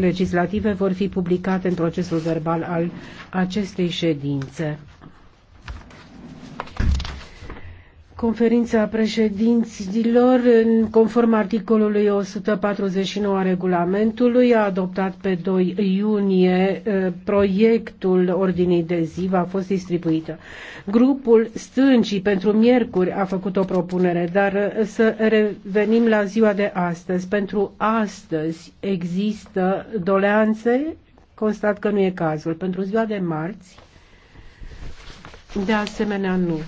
legislative vor fi publicate în procesul verbal al acestei ședințe. conferința președinților, conform articolului 149 a regulamentului, a adoptat pe 2 iunie eh, proiectul ordinii de zi, va a fost distribuită. Grupul stâncii pentru miercuri a făcut o propunere, dar eh, să revenim la ziua de astăzi. Pentru astăzi există doleanțe? Constat că nu e cazul. Pentru ziua de marți? De asemenea, nu.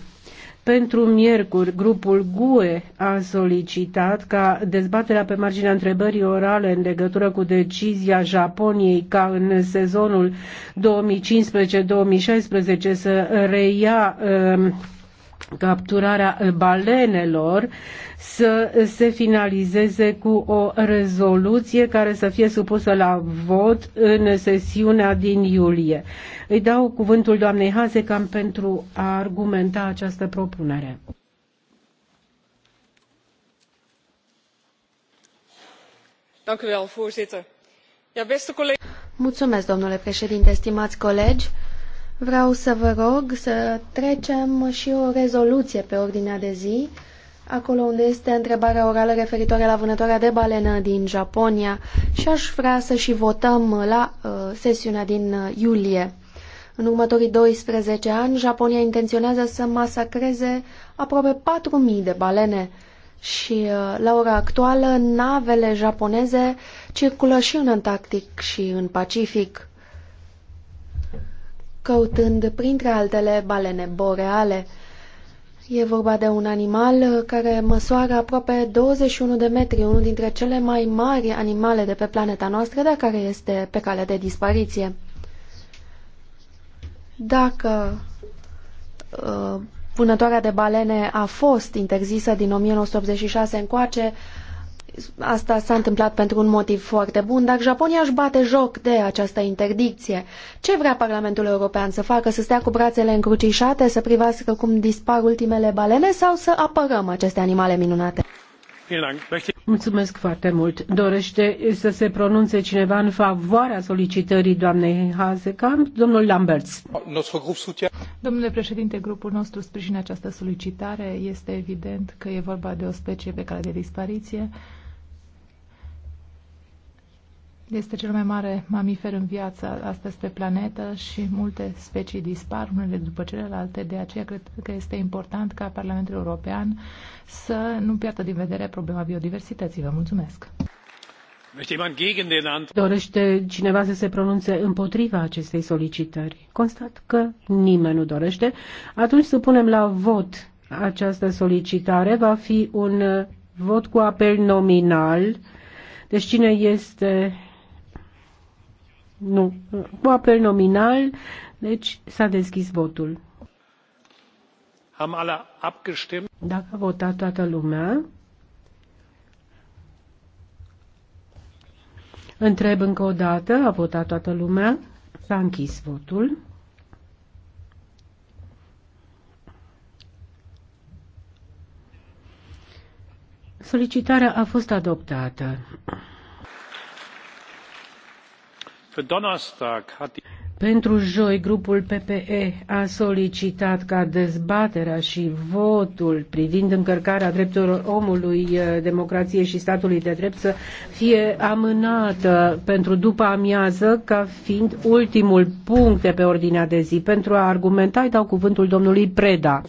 Pentru miercuri, grupul GUE a solicitat ca dezbaterea pe marginea întrebării orale în legătură cu decizia Japoniei ca în sezonul 2015-2016 să reia um, capturarea balenelor să se finalizeze cu o rezoluție care să fie supusă la vot în sesiunea din iulie. Îi dau cuvântul doamnei Hazecam pentru a argumenta această propunere. Mulțumesc, domnule președinte, stimați colegi. Vreau să vă rog să trecem și o rezoluție pe ordinea de zi, acolo unde este întrebarea orală referitoare la vânătoarea de balenă din Japonia și aș vrea să și votăm la uh, sesiunea din uh, iulie. În următorii 12 ani, Japonia intenționează să masacreze aproape 4.000 de balene și uh, la ora actuală navele japoneze circulă și în Antarctic și în Pacific căutând, printre altele, balene boreale. E vorba de un animal care măsoară aproape 21 de metri, unul dintre cele mai mari animale de pe planeta noastră, dar care este pe cale de dispariție. Dacă uh, vânătoarea de balene a fost interzisă din 1986 încoace, uh, Asta s-a întâmplat pentru un motiv foarte bun, dar Japonia își bate joc de această interdicție. Ce vrea Parlamentul European să facă? Să stea cu brațele încrucișate, să privească cum dispar ultimele balene sau să apărăm aceste animale minunate? Mulțumesc foarte mult. Dorește să se pronunțe cineva în favoarea solicitării doamnei Hazekamp? Domnul Lamberts. Domnule președinte, grupul nostru sprijină această solicitare. Este evident că e vorba de o specie pe care de dispariție este cel mai mare mamifer în viață astăzi pe planetă și multe specii dispar unele după celelalte, de aceea cred că este important ca Parlamentul European să nu piardă din vedere problema biodiversității. Vă mulțumesc! Dorește cineva să se pronunțe împotriva acestei solicitări? Constat că nimeni nu dorește. Atunci să punem la vot această solicitare. Va fi un vot cu apel nominal. Deci cine este nu. Cu apel nominal, deci s-a deschis votul. Am alle abgestimmt. Dacă a votat toată lumea, Întreb încă o dată, a votat toată lumea, s-a închis votul. Solicitarea a fost adoptată. Pentru joi, grupul PPE a solicitat ca dezbaterea și votul privind încărcarea drepturilor omului, eh, democrației și statului de drept să fie amânată pentru după amiază ca fiind ultimul punct de pe ordinea de zi. Pentru a argumenta îi dau cuvântul domnului Preda.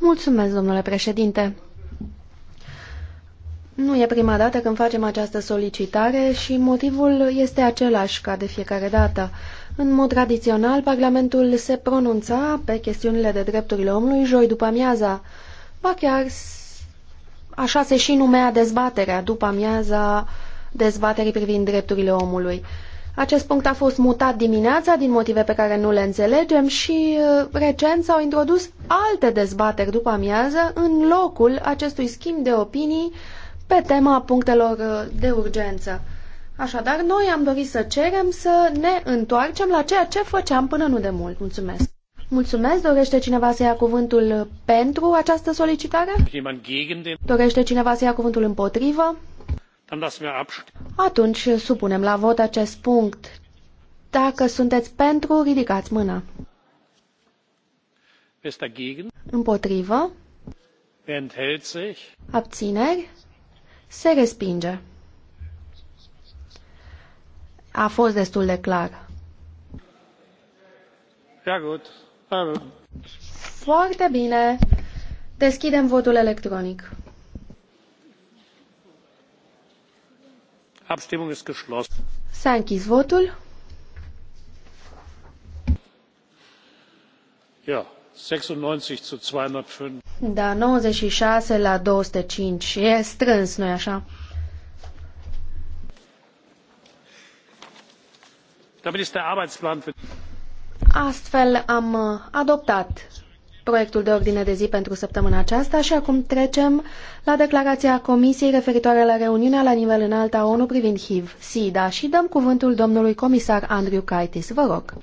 Mulțumesc, domnule președinte. Nu e prima dată când facem această solicitare și motivul este același ca de fiecare dată. În mod tradițional, Parlamentul se pronunța pe chestiunile de drepturile omului joi după amiaza. Ba chiar așa se și numea dezbaterea, după amiaza dezbaterii privind drepturile omului. Acest punct a fost mutat dimineața din motive pe care nu le înțelegem și uh, recent s-au introdus alte dezbateri după amiază în locul acestui schimb de opinii uh, pe tema punctelor uh, de urgență. Așadar, noi am dorit să cerem să ne întoarcem la ceea ce făceam până nu de mult. Mulțumesc! Mulțumesc! Dorește cineva să ia cuvântul pentru această solicitare? Dorește cineva să ia cuvântul împotrivă? Atunci supunem la vot acest punct. Dacă sunteți pentru, ridicați mâna. Împotrivă? Abțineri? se respinge. A fost destul de clar. Foarte bine. Deschidem votul electronic. Abstimmung ist geschlossen. S-a închis votul. Ja, 96 zu 205. Da, 96 la 205. E strâns, nu-i așa? Da, Astfel am adoptat proiectul de ordine de zi pentru săptămâna aceasta și acum trecem la declarația Comisiei referitoare la reuniunea la nivel înalt a ONU privind HIV, SIDA și dăm cuvântul domnului comisar Andrew Kaitis. Vă rog.